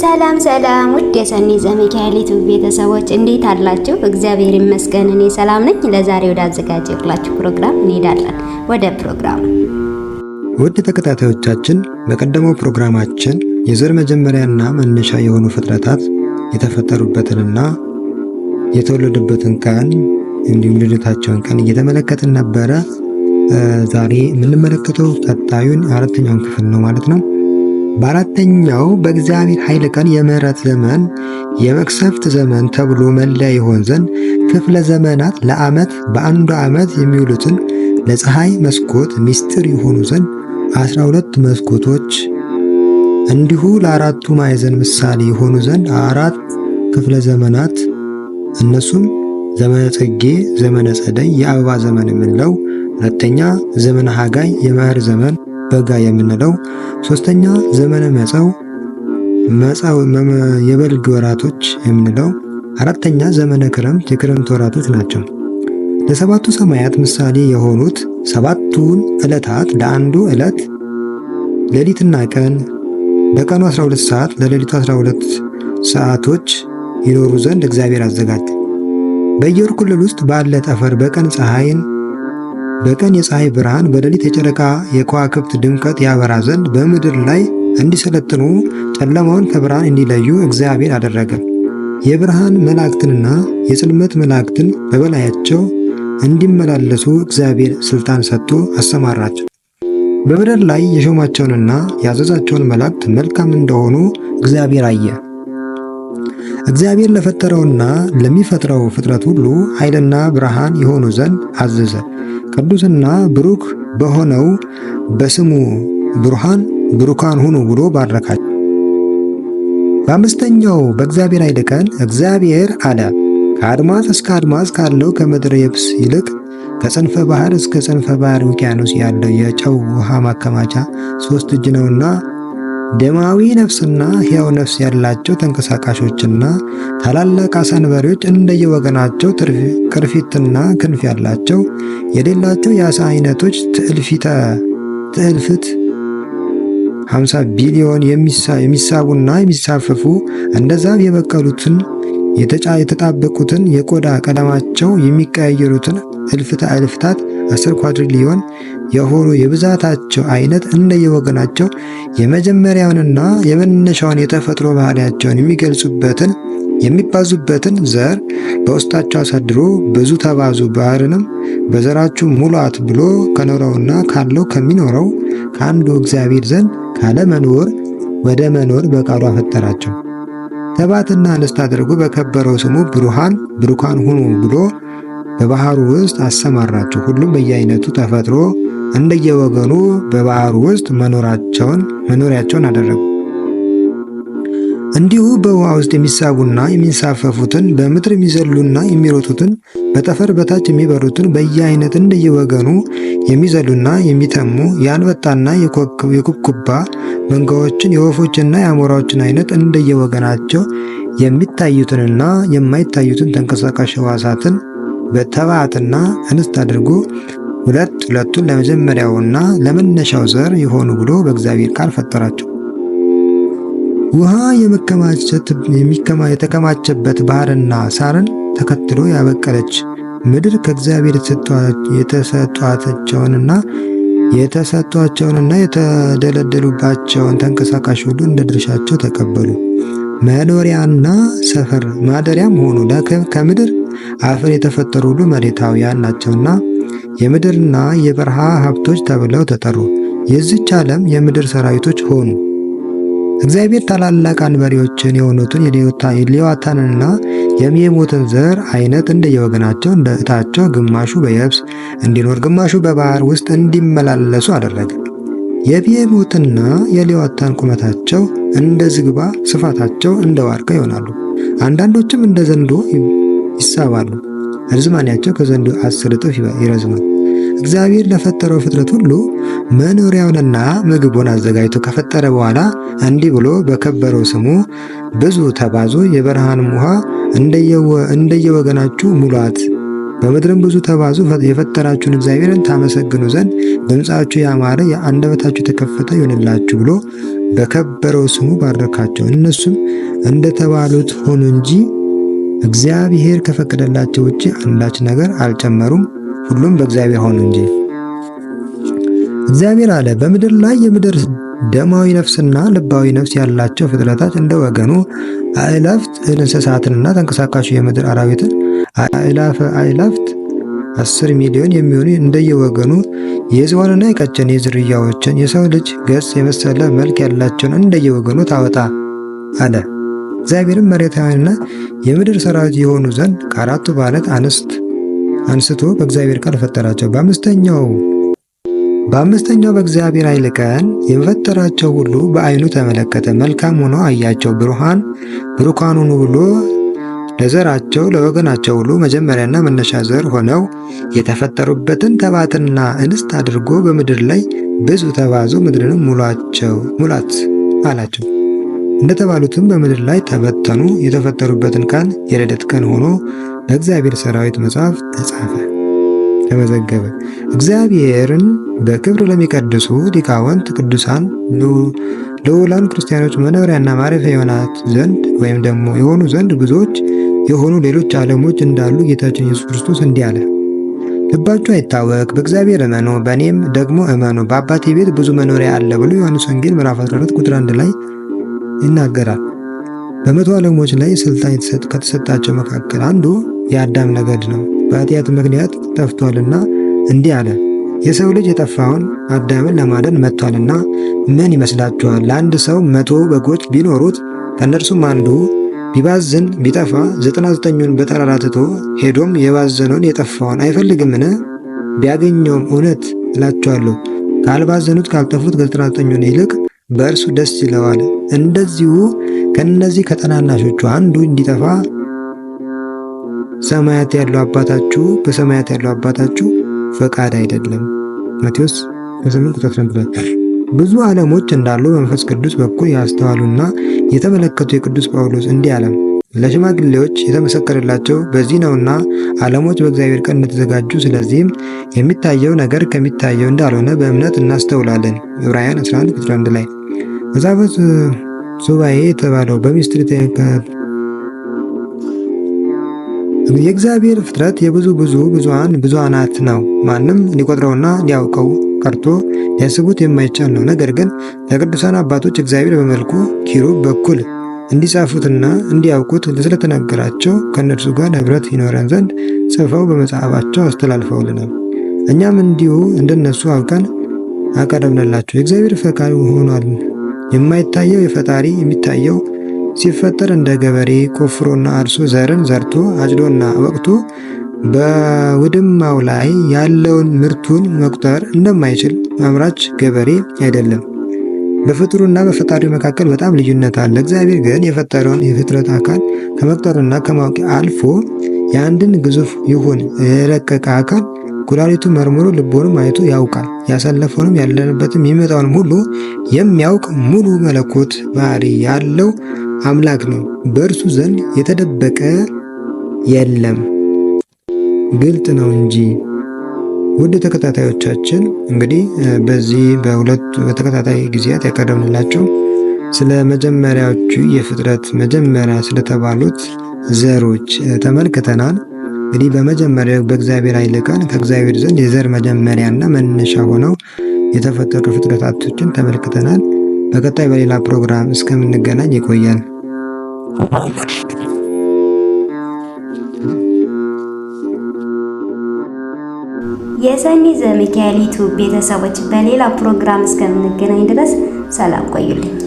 ሰላም ሰላም ውድ የሰኒ ዘሚካኤል ዩቲዩብ ቤተሰቦች እንዴት አላችሁ? እግዚአብሔር ይመስገን እኔ ሰላም ነኝ። ለዛሬ ወደ አዘጋጀሁላችሁ ፕሮግራም እንሄዳለን። ወደ ፕሮግራም ውድ ተከታታዮቻችን፣ በቀደመው ፕሮግራማችን የዘር መጀመሪያና መነሻ የሆኑ ፍጥረታት የተፈጠሩበትንና የተወለዱበትን ቀን እንዲሁም ልደታቸውን ቀን እየተመለከትን ነበረ። ዛሬ የምንመለከተው ቀጣዩን አራተኛውን ክፍል ነው ማለት ነው። በአራተኛው በእግዚአብሔር ኃይል ቀን የምሕረት ዘመን የመቅሰፍት ዘመን ተብሎ መለያ ይሆን ዘንድ ክፍለ ዘመናት ለዓመት በአንዱ ዓመት የሚውሉትን ለፀሐይ መስኮት ምስጢር ይሆኑ ዘንድ አስራ ሁለት መስኮቶች እንዲሁ ለአራቱ ማዕዘን ምሳሌ የሆኑ ዘንድ አራት ክፍለ ዘመናት እነሱም ዘመነ ጽጌ፣ ዘመነ ጸደይ፣ የአበባ ዘመን የምንለው ሁለተኛ ዘመነ ሐጋይ የመኸር ዘመን በጋ የምንለው። ሶስተኛ ዘመነ መጸው መጸው የበልግ ወራቶች የምንለው። አራተኛ ዘመነ ክረምት የክረምት ወራቶች ናቸው። ለሰባቱ ሰማያት ምሳሌ የሆኑት ሰባቱን ዕለታት ለአንዱ ዕለት ሌሊትና ቀን ለቀኑ 12 ሰዓት ለሌሊቱ 12 ሰዓቶች ይኖሩ ዘንድ እግዚአብሔር አዘጋጀ። በየወር ኩልል ውስጥ ባለ ጠፈር በቀን ፀሐይን በቀን የፀሐይ ብርሃን በሌሊት የጨረቃ የከዋክብት ድምቀት ያበራ ዘንድ በምድር ላይ እንዲሰለጥኑ ጨለማውን ከብርሃን እንዲለዩ እግዚአብሔር አደረገ። የብርሃን መላእክትንና የጽልመት መላእክትን በበላያቸው እንዲመላለሱ እግዚአብሔር ስልጣን ሰጥቶ አሰማራቸው። በምድር ላይ የሾማቸውንና ያዘዛቸውን መላእክት መልካም እንደሆኑ እግዚአብሔር አየ። እግዚአብሔር ለፈጠረውና ለሚፈጥረው ፍጥረት ሁሉ ኃይልና ብርሃን የሆኑ ዘንድ አዘዘ። ቅዱስና ብሩክ በሆነው በስሙ ብሩሃን ብሩካን ሁኑ ብሎ ባረካቸው። በአምስተኛው በእግዚአብሔር ኃይል ቀን እግዚአብሔር አለ፣ ከአድማስ እስከ አድማስ ካለው ከምድረ የብስ ይልቅ ከጽንፈ ባህር እስከ ጽንፈ ባህር ውቅያኖስ ያለው የጨው ውሃ ማከማቻ ሶስት እጅ ነውና ደማዊ ነፍስና ሕያው ነፍስ ያላቸው ተንቀሳቃሾችና ታላላቅ አሳንበሪዎች እንደየወገናቸው ቅርፊትና ክንፍ ያላቸው የሌላቸው የአሳ አይነቶች ትዕልፍት 50 ቢሊዮን የሚሳቡና የሚሳፈፉ እንደዛብ የበቀሉትን የተጣበቁትን የቆዳ ቀለማቸው የሚቀያየሩትን እልፍታ እልፍታት 10 ኳድሪሊዮን የሆኑ የብዛታቸው አይነት እንደየወገናቸው የመጀመሪያውንና የመነሻውን የተፈጥሮ ባህሪያቸውን የሚገልጹበትን የሚባዙበትን ዘር በውስጣቸው አሳድሮ ብዙ ተባዙ ባህርንም በዘራችሁ ሙሏት ብሎ ከኖረውና ካለው ከሚኖረው ከአንዱ እግዚአብሔር ዘንድ ካለ መኖር ወደ መኖር በቃሉ አፈጠራቸው። ተባትና እንስት አድርጎ በከበረው ስሙ ብሩሃን ብሩካን ሁኑ ብሎ በባህሩ ውስጥ አሰማራቸው። ሁሉም በየአይነቱ ተፈጥሮ እንደየወገኑ በባህሩ ውስጥ መኖራቸውን መኖሪያቸውን አደረጉ። እንዲሁ በውሃ ውስጥ የሚሳቡና የሚንሳፈፉትን በምድር የሚዘሉና የሚሮጡትን በጠፈር በታች የሚበሩትን በየአይነት እንደየወገኑ የሚዘሉና የሚተሙ የአንበጣና የኩብኩባ መንጋዎችን የወፎችና የአሞራዎችን አይነት እንደየወገናቸው የሚታዩትንና የማይታዩትን ተንቀሳቃሽ ህዋሳትን በተባዕትና እንስት አድርጎ ሁለት ሁለቱን ለመጀመሪያውና ለመነሻው ዘር የሆኑ ብሎ በእግዚአብሔር ቃል ፈጠራቸው። ውሃ የተከማቸበት ባህርና ሳርን ተከትሎ ያበቀለች ምድር ከእግዚአብሔር የተሰጧቸውንና የተሰጧቸውንና የተደለደሉባቸውን ተንቀሳቃሽ ሁሉ እንደ ድርሻቸው ተቀበሉ። መኖሪያና ሰፈር ማደሪያም ሆኑ። ከምድር አፈር የተፈጠሩ ሁሉ መሬታውያን ናቸውና የምድርና የበረሃ ሀብቶች ተብለው ተጠሩ። የዚች ዓለም የምድር ሰራዊቶች ሆኑ። እግዚአብሔር ታላላቅ አንበሪዎችን የሆኑትን የሌዋታንና የሚሞትን ዘር አይነት እንደየወገናቸው እንደ እጣቸው ግማሹ በየብስ እንዲኖር ግማሹ በባህር ውስጥ እንዲመላለሱ አደረገ። የሚሞትና የሌዋታን ቁመታቸው እንደ ዝግባ፣ ስፋታቸው እንደ ዋርካ ይሆናሉ። አንዳንዶችም እንደ ዘንዶ ይሳባሉ። ርዝማኔያቸው ከዘንዱ አስር እጥፍ ይረዝማል። እግዚአብሔር ለፈጠረው ፍጥረት ሁሉ መኖሪያውንና ምግቡን አዘጋጅቶ ከፈጠረ በኋላ እንዲህ ብሎ በከበረው ስሙ ብዙ ተባዙ፣ የበረሃንም ውሃ እንደየወገናችሁ ሙሏት። በምድርም ብዙ ተባዙ፣ የፈጠራችሁን እግዚአብሔርን ታመሰግኑ ዘንድ ድምፃችሁ ያማረ የአንደበታችሁ የተከፈተ ይሆንላችሁ ብሎ በከበረው ስሙ ባረካቸው። እነሱም እንደተባሉት ሆኑ እንጂ እግዚአብሔር ከፈቀደላቸው ውጭ አንዳች ነገር አልጨመሩም፣ ሁሉም በእግዚአብሔር ሆኑ እንጂ። እግዚአብሔር አለ፣ በምድር ላይ የምድር ደማዊ ነፍስና ልባዊ ነፍስ ያላቸው ፍጥረታት እንደ ወገኑ አእላፍት እንስሳትንና ተንቀሳቃሹ የምድር አራዊትን አእላፈ አእላፍት አስር ሚሊዮን የሚሆኑ እንደየወገኑ የዝሆንና የቀጨኔ ዝርያዎችን የሰው ልጅ ገጽ የመሰለ መልክ ያላቸውን እንደየወገኑ ታወጣ አለ። እግዚአብሔርም መሬታውያንና የምድር ሰራዊት የሆኑ ዘንድ ከአራቱ በዓለት አንስት አንስቶ በእግዚአብሔር ቃል ፈጠራቸው። በአምስተኛው በአምስተኛው በእግዚአብሔር ኃይል ቀን የፈጠራቸው ሁሉ በዓይኑ ተመለከተ፣ መልካም ሆኖ አያቸው። ብሩሃን ብሩካን ብሎ ለዘራቸው ለወገናቸው ሁሉ መጀመሪያና መነሻ ዘር ሆነው የተፈጠሩበትን ተባትና እንስት አድርጎ በምድር ላይ ብዙ ተባዙ፣ ምድርንም ሙላት አላቸው። እንደተባሉትም በምድር ላይ ተበተኑ። የተፈጠሩበትን ቀን የልደት ቀን ሆኖ በእግዚአብሔር ሰራዊት መጽሐፍ ተጻፈ፣ ተመዘገበ። እግዚአብሔርን በክብር ለሚቀድሱ ሊቃውንት ቅዱሳን ለውላን ክርስቲያኖች መኖሪያና ማረፊያ የሆናት ዘንድ ወይም ደግሞ የሆኑ ዘንድ ብዙዎች የሆኑ ሌሎች ዓለሞች እንዳሉ ጌታችን ኢየሱስ ክርስቶስ እንዲህ አለ። ልባችሁ አይታወክ፣ በእግዚአብሔር እመኑ፣ በእኔም ደግሞ እመኑ። በአባቴ ቤት ብዙ መኖሪያ አለ ብሎ ዮሐንስ ወንጌል ምዕራፍ 14 ቁጥር 1 ላይ ይናገራል። በመቶ ዓለሞች ላይ ስልጣን ከተሰጣቸው መካከል አንዱ የአዳም ነገድ ነው። በኃጢአት ምክንያት ጠፍቷልና እንዲህ አለ፣ የሰው ልጅ የጠፋውን አዳምን ለማደን መጥቷልና። ምን ይመስላችኋል? ለአንድ ሰው መቶ በጎች ቢኖሩት ከእነርሱም አንዱ ቢባዝን ቢጠፋ ዘጠና ዘጠኙን በተራራ ትቶ ሄዶም የባዘነውን የጠፋውን አይፈልግምን? ቢያገኘውም እውነት እላችኋለሁ ካልባዘኑት ካልጠፉት ከዘጠና ዘጠኙን ይልቅ በእርሱ ደስ ይለዋል። እንደዚሁ ከእነዚህ ከጠናናሾቹ አንዱ እንዲጠፋ ሰማያት ያለው አባታችሁ በሰማያት ያለው አባታችሁ ፈቃድ አይደለም። ማቴዎስ 28:12 ብዙ ዓለሞች እንዳሉ በመንፈስ ቅዱስ በኩል ያስተዋሉና የተመለከቱ የቅዱስ ጳውሎስ እንዲህ አለም ለሽማግሌዎች የተመሰከረላቸው በዚህ ነውና ዓለሞች በእግዚአብሔር ቀን እንደተዘጋጁ፣ ስለዚህም የሚታየው ነገር ከሚታየው እንዳልሆነ በእምነት እናስተውላለን። ዕብራውያን 1 ላይ መዛበት ሱባኤ የተባለው በሚስጥር ይጠየቃል። የእግዚአብሔር ፍጥረት የብዙ ብዙ ብዙሃን ብዙሃናት ነው። ማንም ሊቆጥረውና ሊያውቀው ቀርቶ ሊያስቡት የማይቻል ነው። ነገር ግን ለቅዱሳን አባቶች እግዚአብሔር በመልኩ ኪሩብ በኩል እንዲጻፉትና እንዲያውቁት ስለተነገራቸው ከእነርሱ ጋር ህብረት ይኖረን ዘንድ ጽፈው በመጽሐፋቸው አስተላልፈውልናል። እኛም እንዲሁ እንደነሱ አውቀን አቀረብንላቸው። የእግዚአብሔር ፈቃድ ሆኗል። የማይታየው የፈጣሪ የሚታየው ሲፈጠር እንደ ገበሬ ቆፍሮና አርሶ ዘርን ዘርቶ አጭዶና ወቅቶ በውድማው ላይ ያለውን ምርቱን መቁጠር እንደማይችል አምራች ገበሬ አይደለም። በፍጥሩና በፈጣሪው መካከል በጣም ልዩነት አለ። እግዚአብሔር ግን የፈጠረውን የፍጥረት አካል ከመቁጠርና ከማወቅ አልፎ የአንድን ግዙፍ ይሁን የረቀቀ አካል ኩላሊቱ መርምሮ ልቦንም አይቶ ያውቃል። ያሳለፈውንም ያለንበትም የሚመጣውንም ሁሉ የሚያውቅ ሙሉ መለኮት ባህሪ ያለው አምላክ ነው። በእርሱ ዘንድ የተደበቀ የለም፣ ግልጥ ነው እንጂ። ውድ ተከታታዮቻችን እንግዲህ በዚህ በሁለቱ በተከታታይ ጊዜያት ያቀረብንላቸው ስለ መጀመሪያዎቹ የፍጥረት መጀመሪያ ስለተባሉት ዘሮች ተመልክተናል። እንግዲህ በመጀመሪያ በእግዚአብሔር ኃይል ቃል ከእግዚአብሔር ዘንድ የዘር መጀመሪያና መነሻ ሆነው የተፈጠሩ ፍጥረታቶችን ተመልክተናል። በቀጣይ በሌላ ፕሮግራም እስከምንገናኝ ይቆያል። የሰኒ ዘሚካኤል ዩቲዩብ ቤተሰቦች በሌላ ፕሮግራም እስከምንገናኝ ድረስ ሰላም ቆዩልኝ።